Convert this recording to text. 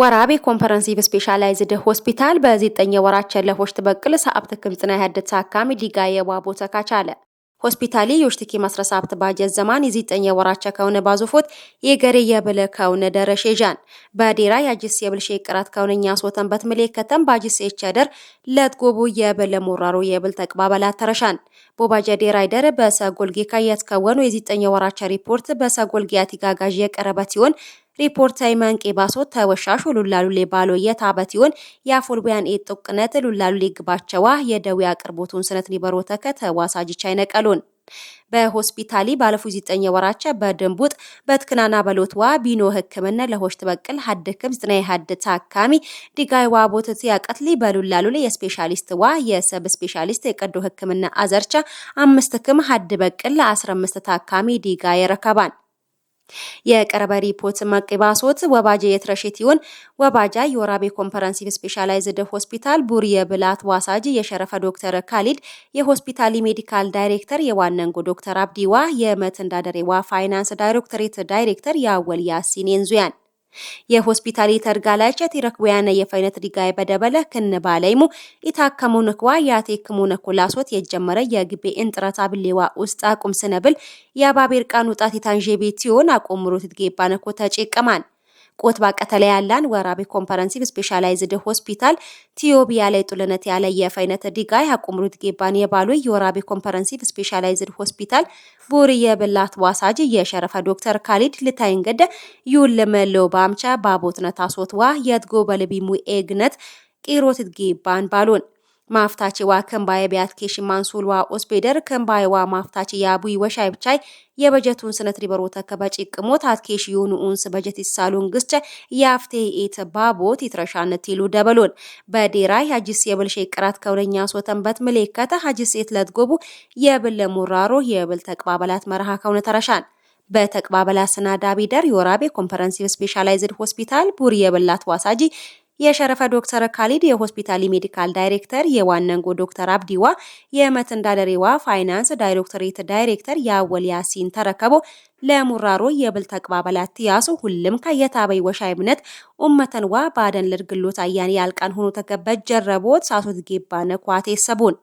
ወራቤ ኮምፐረንሲቭ ስፔሻላይዝድ ሆስፒታል በዜጠኘ ወራት ቸለፎች በቅል ሰአብት ክምፅና ያደት ሳካሚ ዲጋ የዋቦ ተካቻለ ሆስፒታሊ የውሽትኪ መስረሳብት ባጀት ዘማን የዜጠኘ ወራቸ ከውነ ባዙፎት የገሬ የብለ ከውነ ደረሽ ደረሼዣን በዴራ ያጅስ የብልሽ ቅራት ከውነኛ ሶተንበት ምሌከተን ባጅስ የቸደር ለትጎቡ የብለ ሞራሩ የብል ተቅባበላት ተረሻን ቦባጀ ዴራ ይደር በሰጎልጌ ካየትከወኑ የዜጠኘ ወራቸ ሪፖርት በሰጎልጌ አቲጋጋዥ የቀረበት ሲሆን ሪፖርተይ መንቄ ባሶት ተወሻሽ ሉላሉሌ ባሎ ባሎየ ታበቲውን የአፎልቢያን ኤት ጦቅነት ሉላሉሌ ግባቸዋ የደዌ አቅርቦቱን ስነት ሊበሮ ተከተ ዋሳጅቻ ይነቀሉን በሆስፒታሊ ባለፉ ዚጠኝ ወራቸ በደንቡጥ በትክናና በሎትዋ ቢኖ ህክምና ለሆሽ ትበቅል ሀደክም ዝና የሀድ ታካሚ ዲጋይ ዋቦትት ያቀትሊ በሉላሉሌ የስፔሻሊስት ዋ የሰብ ስፔሻሊስት የቀዶ ህክምና አዘርቻ አምስት ህክም ሀድ በቅል ለአስራ አምስት ታካሚ ዲጋይ ረከባን የቀረበ ሪፖርት መቅባሶት ወባጀ የትረሽት ይሁን ወባጃ የወራቤ ኮንፈረንሲቭ ስፔሻላይዝድ ሆስፒታል ቡር የብላት ዋሳጅ የሸረፈ ዶክተር ካሊድ የሆስፒታል ሜዲካል ዳይሬክተር የዋነንጎ ዶክተር አብዲዋ የመትንዳደሬዋ ፋይናንስ ዳይሬክቶሬት ዳይሬክተር የአወል ያሲን ንዙያን የሆስፒታሊተር ጋላጨት ይረክቡያነ የፈይነት ዲጋይ በደበለ ክን ባለይሙ ኢታከሙን ክዋ ያቴክሙን ኩላሶት የጀመረ የግቤ እንጥረታ አብሌዋ ውስጥ አቁም ስነብል የአባቤር ቃን ውጣት የታንዤ ቤት ሲሆን አቆምሮት ትጌባነኮ ተጨቀማን ቁት ባቀተለ ያላን ወራቢ ኮምፐረንሲቭ ስፔሻላይዝድ ሆስፒታል ቲዮቢ ያለ ጡልነት ያለ የፋይነተ ዲጋይ አቁምሩት ጌባን የባሉ የወራቢ ኮምፐረንሲቭ ስፔሻላይዝድ ሆስፒታል ቡር የብላት ዋሳጅ የሸረፈ ዶክተር ካሊድ ልታይንገደ ዩልመለው ባምቻ ባቦትነት አሶትዋ የትጎ በልቢሙ ኤግነት ቂሮት ጌባን ባሉን ማፍታች ማፍታችዋ ከንባየ ቢያትኬሽ ዋ ኦስፔደር ከምባይ ዋ ማፍታች ቡይ ወሻይ ብቻይ የበጀቱን ስነት ሪበሮ ተከበጭ ቅሞት አትኬሽ የሆኑ ኡንስ በጀት ይሳሉን ግስቸ የአፍቴ ኤት ባቦት ይትረሻነት ይሉ ደበሎን በዴራ ሀጅስ የብልሽ ቅራት ከውለኛ ሶተንበት ምሌከተ ሀጅስ ኤት ለትጎቡ የብል ሙራሮ የብል ተቅባበላት መርሃ ከውነ ተረሻን በተቅባበላ ስና ዳቢደር የወራቤ ኮንፈረንሲቭ ስፔሻላይዝድ ሆስፒታል ቡር የበላት ዋሳጂ የሸረፈ ዶክተር ካሊድ የሆስፒታል ሜዲካል ዳይሬክተር፣ የዋነንጎ ዶክተር አብዲዋ የመትንዳደሬዋ ፋይናንስ ዳይሬክቶሬት ዳይሬክተር፣ የአወል ያሲን ተረከቦ ለሙራሮ የብል አባላት ትያሱ ሁልም ከየታበይ ወሻይ እምነት ኡመተንዋ ባደን ልድግሎት አያን ያልቀን ሆኖ ተገበት ጀረቦት ሳሶት ጌባነ ኳቴ ሰቡን